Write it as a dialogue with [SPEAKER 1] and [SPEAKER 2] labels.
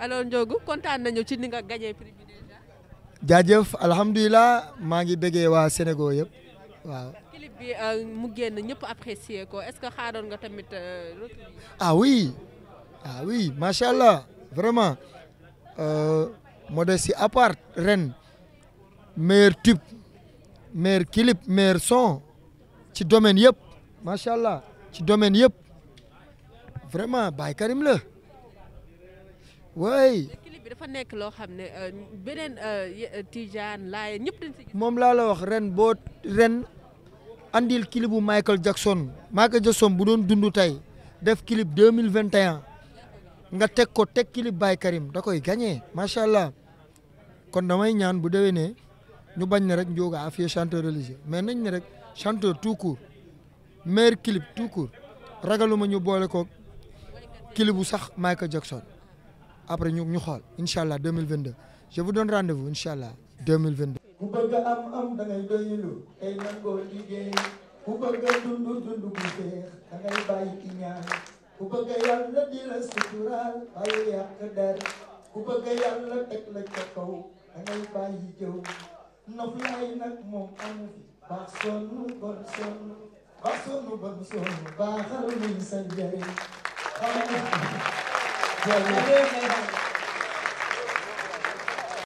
[SPEAKER 1] alors Ndiogou kontaan nañu ci ni nga gagné prix
[SPEAKER 2] jaajëf alhamdulilah maa ngi bëggee waa Sénégal yëpp waaw.
[SPEAKER 1] clip bi euh, mu génn ñëpp apprécier ko est-ce que xaaroon nga tamit. Euh,
[SPEAKER 2] ah oui ah oui macha allah vraiment euh, modestie à part ren meilleur tube meilleur clip meilleur son ci domaine yëpp macha allah ci domaine yëpp vraiment Baye Karim la. waay.
[SPEAKER 1] dafa nekk loo xam ne euh, beneen euh, Tijaan laay ñëpp
[SPEAKER 2] moom laa la wax ren boo ren andil clip bu Michael Jackson Michael Jackson bu doon dundu tey def clip deux mille vingt et nga teg ko teg clip Baye Karim da koy gañe macha allah kon damay ñaan bu déwénee ñu bañ ne rek Ndiogou Afia chanteur religieux mais nañ ne rek chanteur tout court meilleur clip ragaluma ñu boole ko clip bu sax Michael Jackson. après ñu ñu xool incha allah 2022 je vous donne rendez-vous incha allah 2022.
[SPEAKER 3] ku bëgg am am da ngay doylu tey nangoo liggéey ku bëgg a dund dund bu jeex da ngay bàyyi ki ñaan ku bëgg yàlla di la suturaal bàyyi yàq der ku bëgg yàlla teg la ca kaw da ngay bàyyi jëw noflaay nag moom amu fi baax sonn bon sonn baax sonn bon sonn baaxal nañ sa njëriñ Merci à vous.